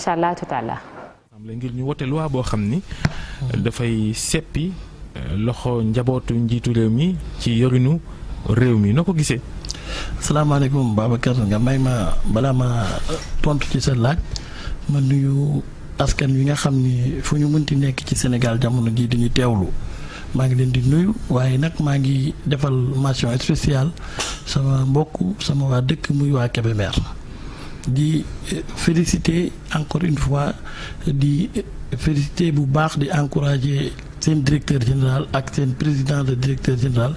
incha allah am la ngir ñu wote loi boo xam ni dafay seppi euh, loxo njabootu njiitu réew mi ci yorinu réew mi noo ko gisee. asalaamaaleykum Babacar nga may ma balaa ma pont euh, ci sa laaj ma nuyu askan wi nga xam ni fu ñu mënti nekk ci senegal jamono jii dañuy teewlu maa ngi leen di nuyu waaye nag maa ngi defal mention spéciale sama mbokk sama waa dëkk muy waa Kébémer. di eh, féliciter encore une fois eh, di eh, féliciter bu baax di encourager seen directeur général ak seen président de directeur général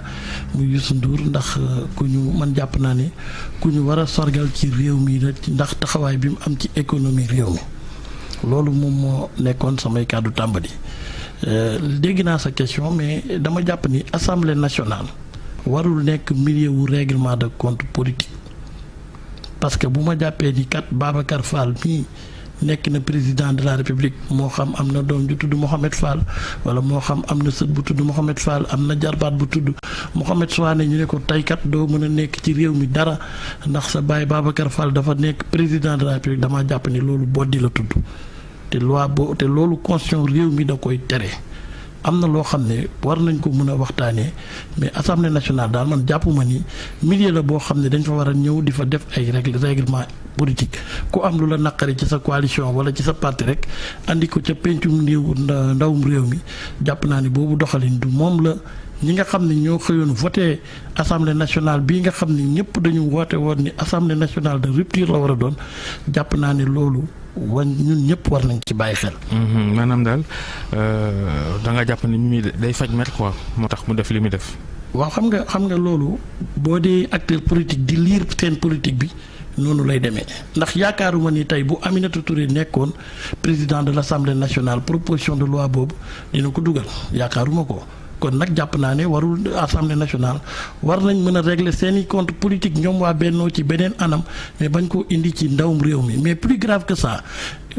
muy Youssou Ndour ndax ku ñu man jàpp naa ne ku ñu war a sorgal ci réew mi la ndax taxawaay bi mu am ci économie réew mi loolu moom moo nekkoon samay kàddu tàmbali dégg naa sa question mais dama jàpp ni assemblée nationale warul nekk millier wu règlement de compte politique. parce que bu ma jàppee di kat Babacar Fall mii nekk na président de la république moo xam am na doom ju tudd Mohamed Fall wala moo xam am na sët bu tudd Mohamed Fall am na jarbaat bu tudd Mohamed Souane ñu ne ko taykat doo mën a nekk ci réew mi dara ndax sa baay Babacar Fall dafa nekk président de la république damaa jàpp ni loolu boddi la tudd te loi boo te loolu constitution réew mi da koy tere. am na loo xam ne war nañ ko mën a waxtaanee mais assemblée nationale daal man jàpp ma ni milieu la boo xam ne dañ fa war a ñëw di fa def ay règlement politique ku am lu la naqari ci sa coalition wala ci sa parti rek andi ko ca pencum néew ndawum réew mi jàpp naa ne boobu doxalin du moom la ñi nga xam ne ñoo xëyoon voté assemblée nationale bii nga xam ne ñëpp dañu woote woon ni assemblée nationale de rupture la war a doon jàpp naa ne loolu. wañ ñun ñëpp war nañ ci bàyyi xel. Mhm, maanaam daal euh, da nga jàpp ni mi day faj mer quoi moo tax mu def li muy def. waaw xam nga xam nga loolu boo dee acteur politique di liir seen politique bi noonu lay demee ndax yaakaaruma ni tey bu Aminata Touré nekkoon président de l' assemblée nationale proposition de loi boobu dina ko dugal yaakaaruma ko. kon nag jàpp naa ne warul assemblée nationale war nañ mën a régler seen i compte politique ñoom waa bennoo ci beneen anam mais bañ koo indi ci ndawum réew mi mais plus grave que ça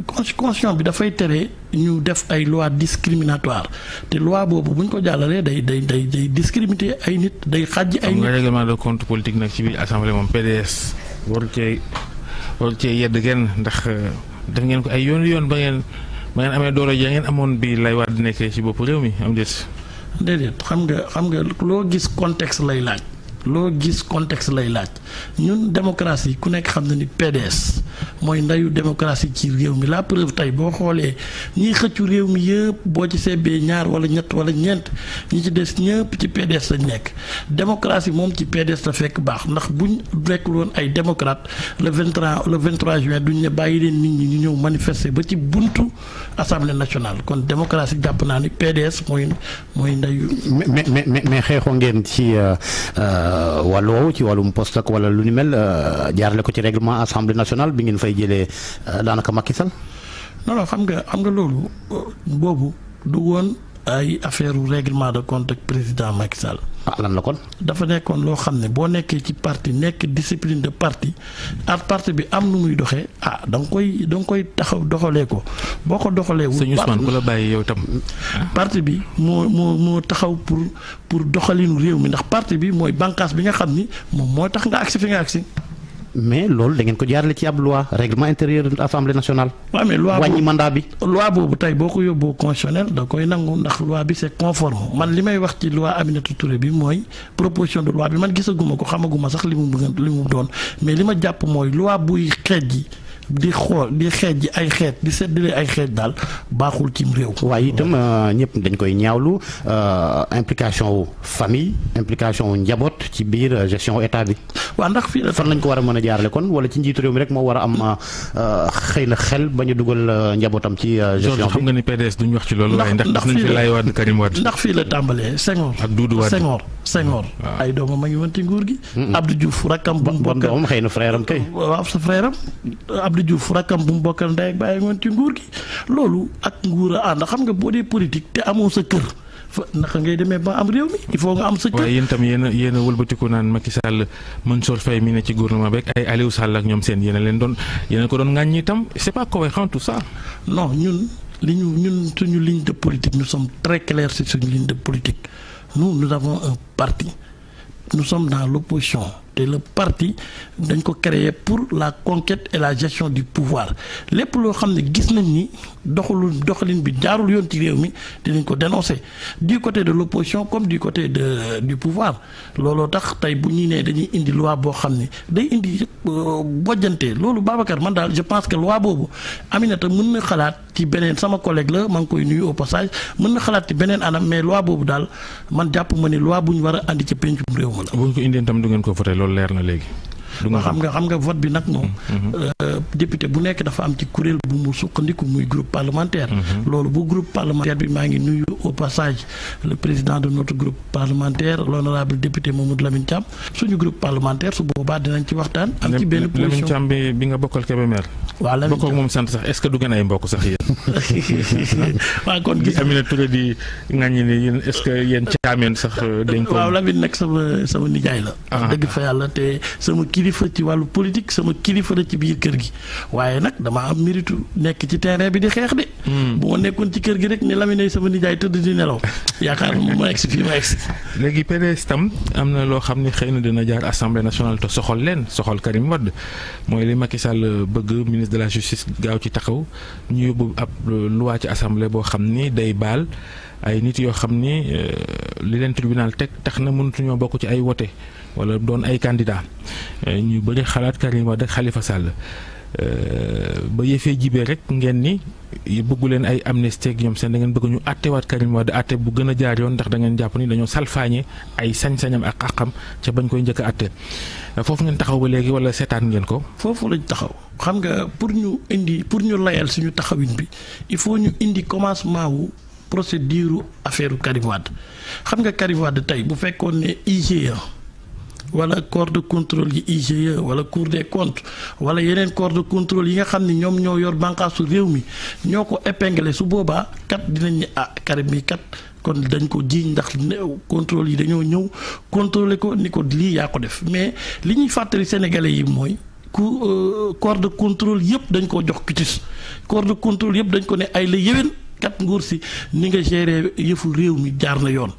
constitution bi dafay tere ñu def ay loi discriminatoire te loi boobu buñ ko jàllalee day day day day discriminer ay nit day xàjj ay nit règlement de compte politique nag ci biir assemblée moom PDS waru cee waru cee yedd kenn ndax euh, def ngeen ko ay yoon yoon ba ngeen ba ngeen amee doole jee ngeen amoon bi lay waat di nekkee ci bopp mi am déedéet xam nga xam nga loo gis contexte lay laaj. loo gis contexte lay laaj ñun démocratie ku nekk xam na ni PDS mooy ndayu démocratie ci réew mi la preuve tey boo xoolee ñiy xëccu réew mi yëpp boo ci sebbee ñaar wala ñett wala ñeent ñi ci des ñëpp ci PDS lañ nekk démocratie moom ci PDS la fekk baax ndax buñ nekkul woon ay démocrate le 23 le 23 juin duñ ne bàyyi leen nit ñi ñu ñëw manifester ba ci buntu assemblée nationale kon démocratie jàpp naa ni PDS mooy mooy ndayu. mais mais mais xeexu ngeen ci. Euh, euh, Euh, wàllu woowu ci wàllum poste ak wala lu ni mel euh, jaarale ko ci règlement assemblée nationale bi ngeen fay jëlee euh, daanaka Macky Sall. non xam nga xam nga loolu boobu du ay affaire u règlement de compte ak président Macky Sall. ah lan la kon. dafa nekkoon loo xam ne boo nekkee ci parti nekk discipline de parti ak parti bi am nu muy doxee ah da nga koy da koy taxaw doxalee ko boo ko doxalee. wul Ousmane ku la bàyyi yow tam. parti bi moo moo moo taxaw pour pour doxalinu réew mi ndax parti bi mooy bànqaas bi nga xam ni moom moo tax nga agsi fi nga agsi mais loolu da ngeen ko jaarale ci ab loi règlement intérieur assemblée nationale. waaw mais loi boobu tey boo ko yóbbu constitutionnel da koy nangu ndax loi bi c'est conforme man li may wax ci loi Aminata Touré bi mooy proposition de loi bi man gisaguma ko xamaguma sax li mu bëgg li mu doon mais li ma jàpp mooy loi buy xeej ji. di xool di xeej ay xeet di séddale ay xeet daal baaxul cim réew. waaye itam euh, ñëpp dañ koy ñaawlu euh, implication wu famille implication wu njaboot ci biir euh, gestion état bi. waaw ndax fii la fan lañ ko war a mën a jaarale kon wala ci njiitu réew rek moo war a am xëy na xel bañ a dugal njabootam ci. gestion bi xam nga ni PDS wax ci loolu. waaye ndax ndax nañ fi Laye Wade Karim Wade ndax la tàmbalee Senghor. ak Doudou Wade Senghor Senghor. Hmm. ay doomam a ngi wanti nguur gi. Hmm. Abdou Diouf rakkam bu mu bokk. xëy na frère am kay. waaw sa frère Abdou Diouf rakkam bu mu bokkal ndey ak bàyyi ngoon ci nguur gi loolu ak nguur a ànd xam nga boo dee politique te amoo sa kër fa naka ngay demee ba am réew mi il faut nga am sa kër. waaye yéen tam yéen a yéen a wëlbatiku naan Macky soo Mansour Faye mi ne ci gouvernement beeg ay Aliou Sall ak ñoom seen yenn leen doon yéen a ko doon ŋàññi itam c'est pas cohérent tout ça. non ñun li ñu ñun suñu ligne de politique nous sommes très clairs sur suñu ligne de politique nous nous avons un parti nous te le parti dañ ko créer pour la conquête et la gestion du pouvoir lépp loo xam ne gis nañ ni doxalu doxalin bi jaarul yoon ci réew mi dinañ ko dénoncer du côté de l'opposition comme du côté de du pouvoir looloo tax tey bu ñu nee dañuy indi loi boo xam ne day indi euh, bojjante loolu Babacar man daal je pense que loi boobu a mën na xalaat ci beneen sama collègue la maa ngi koy nuyu au passage mën na xalaat ci beneen anam mais loi boobu daal man jàpp ma ne loi bu war a andi ci pencum loolu na léegi. du ma xam nga xam nga vote bi nag moom. Mm-hmm. Euh, député bu nekk dafa am ci kuréel bu mu sukkandiku muy groupe parlementaire. Mm-hmm. loolu bu groupe parlementaire bi maa ngi nuyu au passage le président de notre groupe parlementaire l'honorable député Mamadou Lamine Thiam suñu groupe parlementaire su boobaa dinañ ci waxtaan. am ci benn position bi nga bokkal Kébémer. waaw Lamine Thiam bokkoo moom sant sax est du gën ay mbokk sax yéen. waaw kon euh, nag sama sama nijaay la. Ah. dëgg fa kilifa ci wàllu politique sama kilifa ci biir kër gi waaye nag damaa am nekk ci terrain bi di xeex de. Hmm. bu ci kër gi rek ne Lamine sama nijaay tëdd di nelaw yaakaar léegi PDS tam am na loo xam ne xëy na dina jaar assemblée nationale te soxal leen soxal Karim Wade mooy li Macky Sall bëgg ministre de la justice gaaw ci taxaw ñu yóbbu ab euh, loi ci assemblée boo xam ni day baal. ay nit yoo xam ni euh, li leen tribunal teg tax na mënatuñoo bokk ci ay wote wala doon ay candidat eh, ñu bëri xalaat Karim xalifa ak Khalifa Sall eh, ba yëfee jibee rek ngeen ni bëggu leen ay amnistie ak ñoom seen da bëgg ñu àttewaat Karim Wade àtte bu gën a jaar yoon ndax da jàpp ni dañoo salfaañe ay sañ-sañam ak àqam ca bañ koy njëkk a àtte eh, foofu ngeen taxaw ba léegi wala seetaan ngeen ko. foofu lañ taxaw xam nga pour ñu indi pour ñu layal suñu taxawin bi il faut ñu indi commencement wu procédure affaire Karim xam nga Karim Wade tey bu fekkoon ne IGE wala corps de contrôle yi IGE wala cour des comptes wala yeneen corps de contrôle yi nga xam ni ñoom ñoo yor bànqaasu réew mi ñoo ko épinglé su boobaa kat dinañ ne ah Karim mi kat kon dañ ko jiiñ ndax contrôle yi dañoo ñëw contrôler ko ni ko lii yaa ko def mais li ñuy fàttali sénégalais yi mooy. ku euh, corps de contrôle yëpp dañ ko jox kitis corps de contrôle yëpp dañ ko ne ay la yéwén kat nguur si ni nga gérer yëfu réew mi jaar na yoon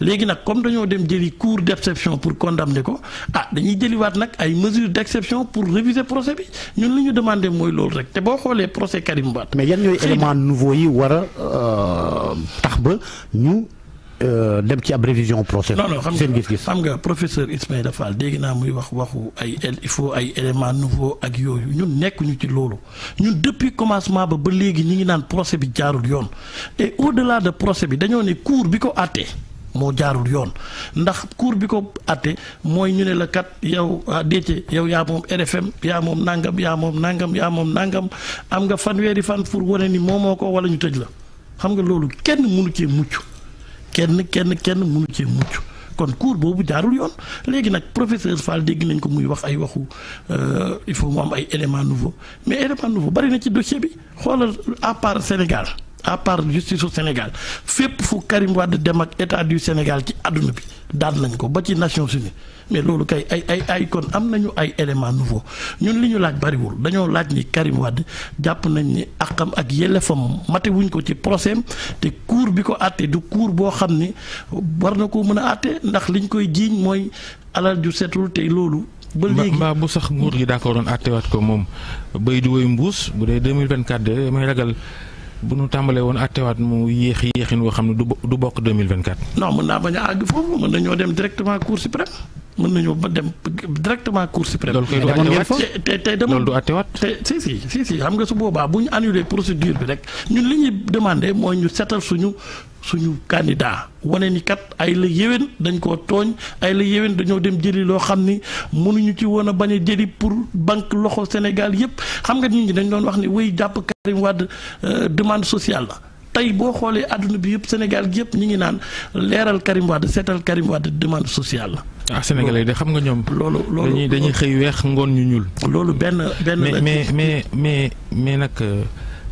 léegi nag comme dañoo dem jëli cour d' exception pour condamner ko ah dañuy jëliwaat nag ay mesures d' pour réviser procès bi ñun li ñu demandé mooy loolu rek te boo xoolee procès Karim Wade mais yan ñooy élément nouveau yi war a euh, tax ba ñu Euh, dem ci ab révision procès. non non seen gis-gis xam nga professeur Ismaïla Fall dégg naa muy wax waxu ay il faut ay éléments nouveaux ak yooyu ñun nekkuñu ci loolu ñun depuis commencement ba ba léegi ñu ngi naan procès bi jaarul yoon et au delà de procès bi dañoo ne cour bi ko àttee. moo jaarul yoon ndax cour bi ko àtte mooy ñu ne la kat yow ah, déete yow yaa moom RFM yaa moom nangam yaa moom nangam yaa moom nangam am nga fanweeri fan pour wone ni moomoo ko wala ñu tëj la xam nga loolu kenn mucc. kenn kenn kenn mënu cee mucc kon cours boobu jaarul yoon léegi nag professeur Fall dégg nañ ko muy wax ay waxu euh, il faut mu am ay éléments nouveaux mais élément nouveau bari na ci dossier bi xoolal à part Sénégal à part justice au Sénégal fépp fu Karim Wade dem ak état du Sénégal ci àdduna bi daan nañ ko ba ci Nations Unies mais loolu kay ay ay ay kon am nañu ay éléments nouveaux ñun li ñu laaj bariwul dañoo laaj ni Karim Wade jàpp nañ ni àqam ak yelleefam mate wuñ ko ci procès te cour bi ko àtte du kuur boo xam ni war na ko mën a àtte ndax liñ koy jiiñ mooy alal ju setul te loolu. ba léegi mbaa bu sax nguur gi daa d'accord doon àttewaat ko moom bay du woy mbuus bu dee 2024 de may ragal. bu nu tàmbalee woon àttewaat mu yéexi yéexin woo xam ne du du bokk 2024. non mën naa bañ a àgg foofu mën nañoo dem directement cour suprême mën nañoo dem directement cour suprême. loolu du àttewaat te te te loolu du àttewaat te si xam nga su boobaa bu ñu annulé procédure bi rek ñun li ñuy demandé mooy ñu seetal suñu. suñu candidat wane ni kat ay la yéwén dañ ko tooñ ay la yéwén dañoo dem jëli loo xam ni mënuñu ci woon a bañ jëli pour banque loxo Sénégal yépp xam nga nit ñi dañ doon wax ni way jàpp Karim Wade euh, demande sociale tey boo xoolee àdduna bi yëpp Sénégal yëpp ñu ngi naan leeral Karim Wade seetal Karim Wade demande sociale la. ah Sénégalais de xam nga ñoom. loolu loolu dañuy dañuy xëy weex ngoon ñu ñuul. loolu benn benn. mais mais mais mais nag euh,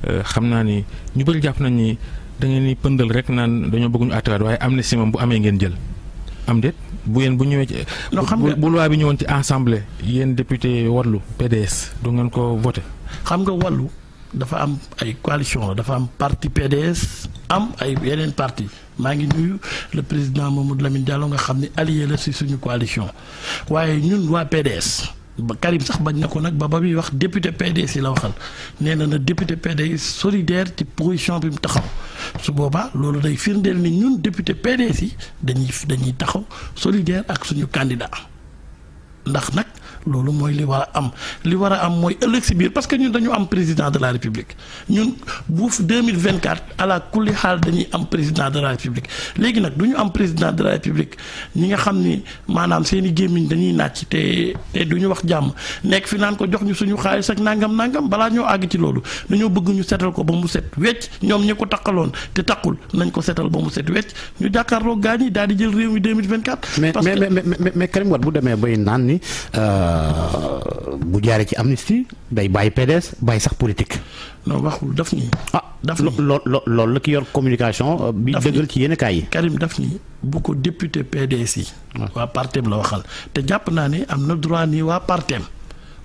euh, xam naa ni ñu bëri jàpp nañ ni da ngeen di pëndal rek naan dañoo bëgguñu àttewaat waaye amnistie moom bu amee ngeen jël am déet bu yéen bu ñëwee ci. bu loi bi ñëwoon ci assemblée yéen député wallu PDS du ngeen ko voté. xam nga wallu dafa am ay coalition la dafa am parti PDS am ay yeneen parti maa ngi nuyu le président Mamadou Lamine Diallo nga xam ne allié la si suñu coalition waaye ñun waa PDS. ba Karim sax bañ na ko nag ba ba muy wax député PDS yi la waxal nee na na député PDS solidaire ci position bi mu taxaw su boobaa loolu day firndeel ni ñun député PDS yi dañuy dañuy taxaw solidaire ak suñu candidat ndax nag. loolu mooy li war a am li war a am mooy ëllëg si biir parce que ñun dañu am président de la république ñun bu 2024 ala kulli xaal dañuy am président de la république léegi nag du ñu am président de la république ñi nga xam ni maanaam seen i gémmiñ dañuy nàcc te te du ñu wax jàmm nekk fi naan ko jox ñu suñu xaalis ak nangam nangam bala ñoo àgg ci loolu dañoo bëgg ñu setal ko ba mu set wecc ñoom ñi ko taqaloon te taqul nañ ko setal ba mu set wecc ñu jàkkaarloo gaañ di jël réew mi 2024. parce que mais mais mais mais Karim Wade bu demee bay naan ni. Euh, Euh, bu jaaree ci amnistie day bàyyi PDS bàyyi sax politique. non waxul daf ni. ah daf ni loo loo loolu la ki yor communication. Euh, bi dëggal ci yenn kaay yi. Karim daf ni bu ko député PDS yi. waa partem la waxal te jàpp naa ne am na droit nii waa partem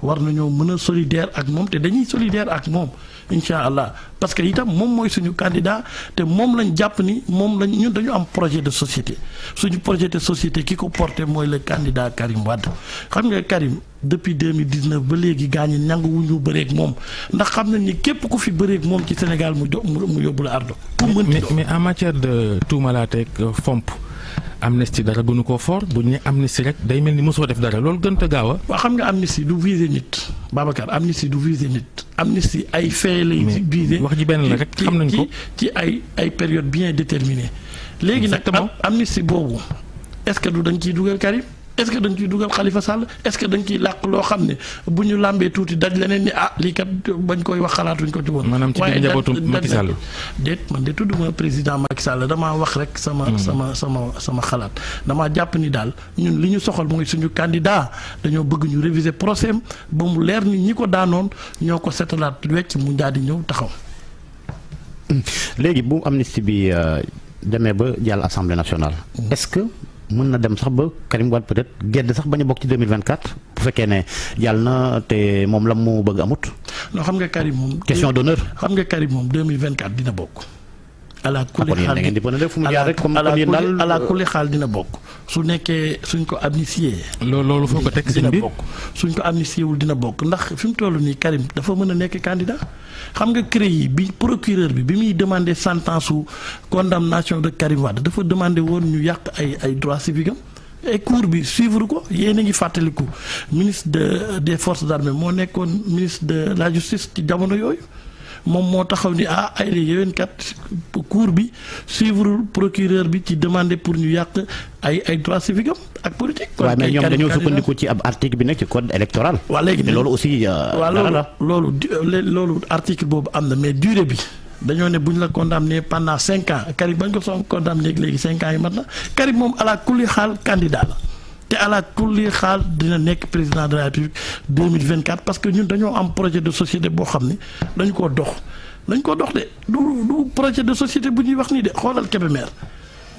war nañoo mën a solidaire ak moom te dañuy solidaire ak moom incha allah parce que itam moom mooy suñu candidat te moom lañ jàpp ni moom lañ ñun dañu am projet de société suñu projet de société ki ko porté mooy le candidat Karim Wade xam nga Karim depuis 2019 ba léegi gaa ñi nangu wu ñu bëreeg moom ndax xam nañ ni képp ku fi bëreeg moom ci Sénégal mu jo mu yóbbu la ardo. pour mën mais en matière de tuumalaate ak fomp. amnistie dara gënu ko fort bu ñu ne amnistie rek day mel ni mosoo def dara loolu gën a gaaw a. waaw xam nga amnistie du viser nit Babacar amnistie du viser nit amnistie ay fait lay viser wax ji benn la rek xam nañ ko ci ay ay période bien déterminée léegi nag am amnistie boobu est-ce que du dañ ciy dugal Karim est-ce que dañ ciy dugal Khalifa Sall est-ce que dañ ciy làq loo xam ne bu ñu làmbee tuuti daj leneen ni ah lii kat bañ koy wax xalaatuñ ko ci woon. maanaam ci biir njabootu Macky Sall déet man de tudduma président Macky Sall damaa wax rek. sama hmm. sama sama sama xalaat damaa jàpp ni daal ñun li ñu soxal mooy suñu candidat dañoo bëgg ñu réviser procès ba mu leer ni ñi ko daanoon ñoo ko setalaat wecc mu daal di ñëw taxaw. Hmm. léegi bu amnistie bi euh, demee ba jàll assemblée nationale. Hmm. mën na dem sax ba Karim Wade peut-être gedd sax bañ a bokk ci 2024 bu fekkee ne yàlla na te moom la mu bëgg amut. non xam nga Karim moom. question d'honneur. xam nga Karim moom 2024 dina bokk. ala kulli xaal di ala euh, dina bokk su nekkee suñ ko amnistié. loolu foo ko teg dina bokk suñ ko amnistié wul dina bokk ndax fi mu toll nii Karim dafa mën a nekk candidat xam nga CREI bi procureur bi bi muy demandé sentence su condamnation de Karim Wade dafa demandé woon ñu yàq ay ay droits civiques am et bi suivre ko yéen a ngi fàttaliku ministre de des forces armées moo nekkoon ministre de la justice ci jamono yooyu. moom moo taxaw ni ah ay la yéwénkat cour bi suivre procureur bi ci demande pour ñu yàq ay ay droit civique am ak politique. kon mais ñoom dañoo sukkandiku ci ab article bi nekk ci code électoral. waaw loolu aussi. Euh, waaw loolu loolu euh, loolu article boobu am na mais dure bi. dañoo ne bu ñu la condamné pendant cinq ans Karim bañ ko soog condamné léegi cinq ans yi mat na Karim moom ala kulli xaal candidat la. ala kulli xaal dina nekk président de la vingt 2024 parce que ñun dañoo am projet de société boo xam ni dañu koo dox dañ ko dox de du du projet de société bu ñuy wax nii de xoolal Kébémer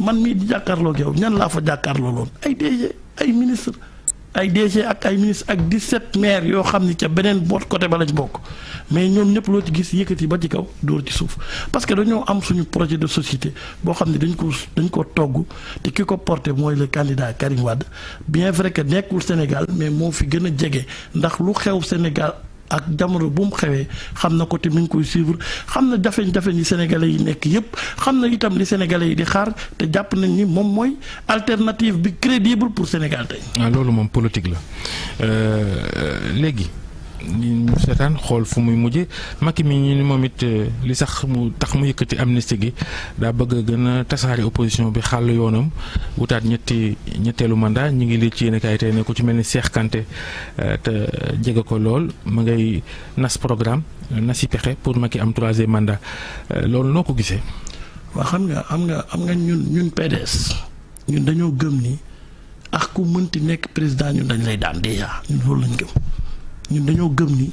man mii di jàkkaarloo ak yow ñan laa fa jàkkaarloo loon ay DG ay ministre ay DG ak ay ministre ak 17 maire yoo xam ni ca beneen boot côté ba lañ bokk mais ñoom ñëpp loo ci gis yëkkati ba ci kaw dóor ci suuf parce que dañoo am suñu projet de société boo xam ne dañ ko dañ ko togg te ki ko porté mooy le candidat Karim Wade bien vrai que nekkul Sénégal mais moo fi gën a jege ndax lu xew Sénégal. ak jamono bu mu xewee xam na ko te mi ngi koy suivre xam na jafeñ jafe yi sénégalais yi nekk yépp xam na itam li sénégalais yi di xaar te jàpp nañ ni moom mooy alternative bi crédible pour Sénégal tey. Ah, loolu moom politique la euh, léegi. li mu seetaan xool fu muy mujje Macky mi ñu ni moom it euh, li sax mu tax mu yëkkati amnistie gi daa bëgg a gën a tasaare opposition bi xàll yoonam wutaat ñetti ñetteelu mandat ñu ngi lii ci yéen kaay tey ne ku ci mel ni Cheikh Kanté euh, te jege ko lool mu ngay nas programme nasi pexe pour Macky am troisième mandat euh, loolu noo ko gisee. waa xam nga am nga am nga ñun ñun PDS ñun dañoo gëm ni ax ku mënti nekk président ñun dañ lay daan déjà ñun loolu gëm. ñun dañoo gëm ni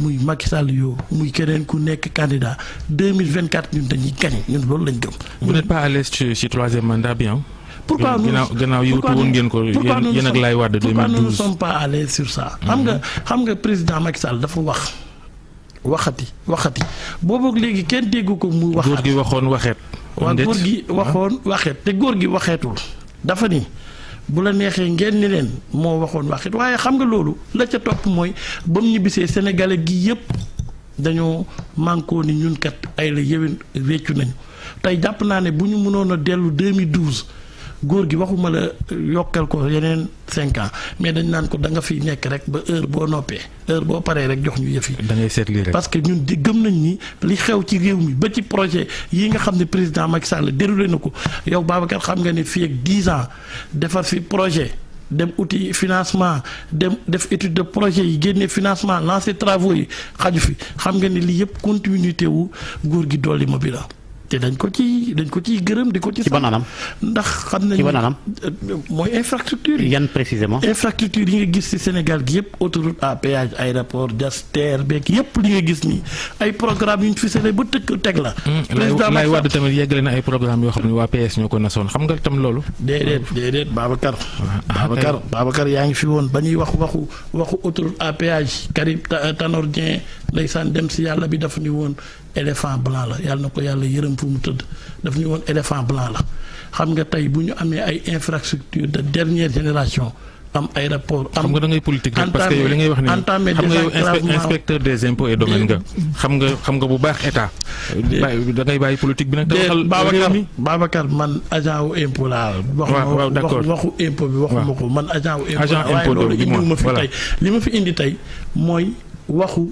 muy Macky Sall yoo muy keneen ku nekk candidat 2024 ñun dañuy gagné ñun loolu lañ gëm. vous n'êtes pas à l'aise ci ci bi pourquoi nous ginnaaw ginnaaw yóotu woon ngeen ko. yéen ak Laye Wade 2012 pourquoi nous ne pas à sur ça. xam nga mm-hmm. xam nga président Macky Sall dafa wax. waxati waxati boobu léegi kenn déggu ko muy. waxaat góor gi waxoon waxeet. waaw góor gi ah. waxoon waxeet te góor gi waxeetul dafa ni. bu la neexee ngeen ni leen moo waxoon wax waaye xam nga loolu la ca topp mooy ba ñibbisee sénégalais gi yëpp dañoo mànkoo ni ñun kat ay la yéwén weccu nañu tey jàpp naa ne bu ñu mënoon a dellu 2012 góor gi waxuma la yokkal ko yeneen. cinq ans mais dañ naan ko danga nga nekk rek ba heure boo noppee heure boo paree rek jox ñu yëf yi. da parce que ñun di gëm nañ ni li xew ci réew mi ba ci projet yi nga xam ne président mag Sall déroulé na ko yow Babacar xam nga ni fii ak dix ans defar fi projet. dem outil financement dem def étude de projet yi génne financement lancer travaux yi xaju fi xam nga ni lii yëpp continuité wu góor gi dolli ma bi te dañ ko ci dañ ko ciy gërëm di ko ci. ci ban anam ndax xam nañu ci ban anam mooy infrastructure yi. yan précisément. infrastructure yi nga gis ci Sénégal gi yëpp autoroute à péage aéroport jas terre beeg yëpp li nga gis nii ay programme yu ñu fi sëlee ba tëkk teg la. Hmm, président Laye Wade tamit yeggale na ay programme yoo xam ne waa PS ñoo ko nasoon xam nga tam loolu. déedéet déedéet Babacar. Ah, ah, Babacar eh. Babacar yaa ngi fi woon ba ñuy wax waxu waxu autoroute à péage Karim Tanor Dieng ndeysaan dem si yàlla éléphant blanc la yàlla na ko yàlla yërëm fu mu tëdd daf ñu woon éléphant blanc la xam nga tey bu ñu amee ay infrastructure de dernière génération am ay rapport am xam nga da ngay politique rek parce que yow li ngay wax ni xam nga yow des impôts et domaines nga xam nga xam nga bu baax état da ngay bàyyi politique bi nag taxal Babacar Babacar man agent wu impôt laa wax waaw d'accord waxu impôt bi waxuma ko man agent wu impôt loolu indi ma fi tey li ma fi indi tey mooy waxu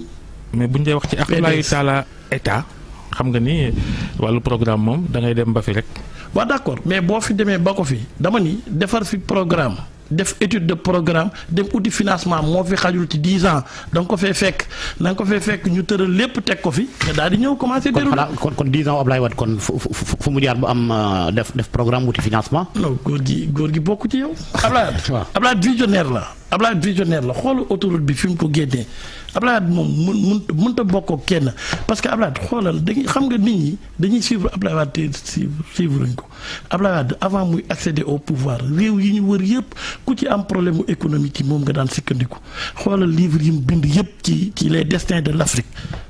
mais buñ dee wax ci axlaayu taala état xam nga ni wàllu programme moom da dem ba fi rek. waaw d'accord mais boo fi demee ba ko fi dama ni defar fi programme def étude de programme dem uti financement moo fi xajul ci dix ans da nga ko fee fekk na ko fee fekk ñu tëral lépp teg ko fi nga daal di ñëw commencé. déroulé kon kon dix ans Ablaye Wade kon fu fu mu jaar bu euh, gi góor bokk ci yow. Ablaye Wade visionnaire la Ablaye visionnaire la xoolu autoroute bi fi mu ko génnee. Abdoulaye moom mun mun mënut a bokk kenn parce que Abdoulaye xoolal dañuy xam nga nit ñi dañuy suivre Abdoulaye Wade te suivre suivre ñu ko Abdoulaye avant muy accéder au pouvoir réew yi ñu wër yëpp ku ci am problème mu économique yi moom nga daan sikkandiku xoolal livre yi mu bind yëpp ci ci les destins de l'Afrique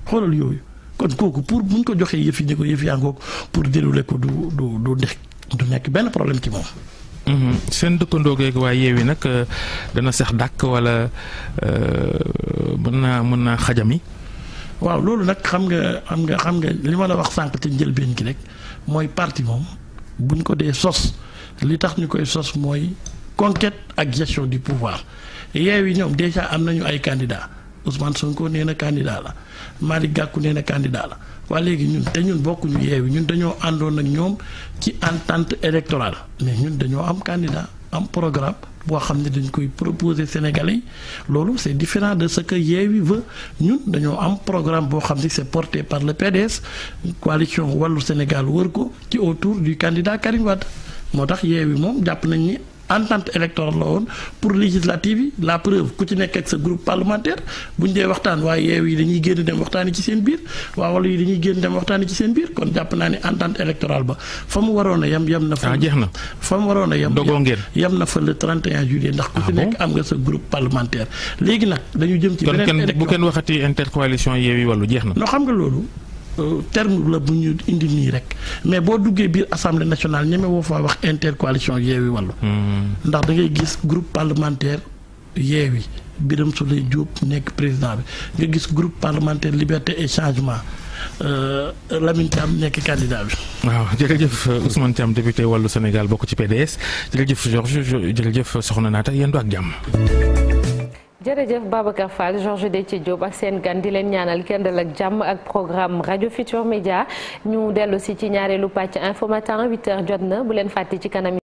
xoolal yooyu kon kooku pour buñ ko joxee yëfi yi ko yëf yaa ngoog pour déroulé ko du du du nekk du nekk benn problème ci moom. Mm-hmm. seen dëkkandoo ko waa yeewi nag euh, dana sax dàkk wala. Euh, mën naa mën naa xajami waaw loolu nag xam nga xam nga xam nga li ma a wax sànq ci njëlbeen gi rek mooy parti moom buñ ko dee sos li tax ñu koy sos mooy conquête ak gestion du pouvoir Yewwi ñoom déjà am nañu ay candidats Ousmane Sonko nee na candidat la Malick Gakou nee na candidat la waa léegi ñun te ñun bokkuñu Yewwi ñun dañoo àndoon ak ñoom ci entente électorale mais ñun dañoo am candidat am programme. boo xam ne dañ koy proposer Sénégalais loolu c' est différent de ce que Yewwi veut ñun dañoo am programme boo xam ne c' est porté par le PDS coalition wàllu Sénégal wër ko ci autour du candidat Karim Wade moo tax Yewwi moom jàpp nañ ni entente électorale la woon pour législative yi la preuve ku ci nekk ak sa groupe parlementaire bu ñu dee waxtaan waaye yeew yi dañuy génn dem waxtaani ci seen biir waa wala yi dañuy génn dem waxtaani ci seen biir kon jàpp naa ne entente électorale ba fa mu waroon a yem yem na fa ah, jeex na fa mu waroon a yem yem na fa le 31 juillet ndax ku ah ci nekk am nga sa groupe parlementaire léegi nag dañu jëm ci beneen bu kenn waxati intercoalition yeewi wàllu jeex na non xam nga loolu Euh, terme la bu ñu indi nii rek mais boo duggee biir assemblée nationale ñeme woo faa wax intercoalition yeewi wàllu. Hmm. ndax dangay gis groupe parlementaire yeewi Birame Souleye Diop nekk président bi nga gis groupe parlementaire liberté et changement. Euh, Lamine Thiam nekk candidat bi. waaw jërëjëf euh, Ousmane Thiam député wàllu Sénégal bokk ci PDS jëf Georges jërëjëf soxna Naata yendu ak jàmm. jërëjëf Babacar Fall de Déthié Diop ak seen gan di leen ñaanal kenn dal ak jàmm ak programme rajo Futur Média ñu dellu si ci ñaareelu pàcc info matin jot na bu leen fàtte ci kanam. yi